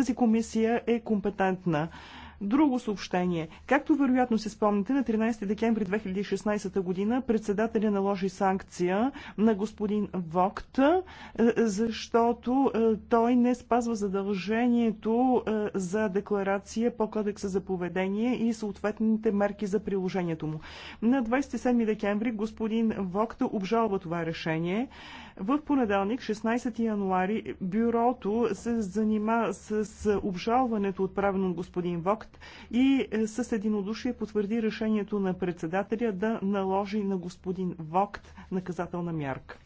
Тази комисия е компетентна. Друго съобщение. Както вероятно се спомните, на 13 декември 2016 година председателя наложи санкция на господин Вокт, е, защото е, той не спазва задължението е, за декларация по кодекса за поведение и съответните мерки за приложението му. На 27 декември господин Вокт обжалва това решение. В понеделник, 16 януари, бюрото се занима с обжалването, отправено от господин Вокт акт и е, с единодушие потвърди решението на председателя да наложи на господин Вокт наказателна мярка.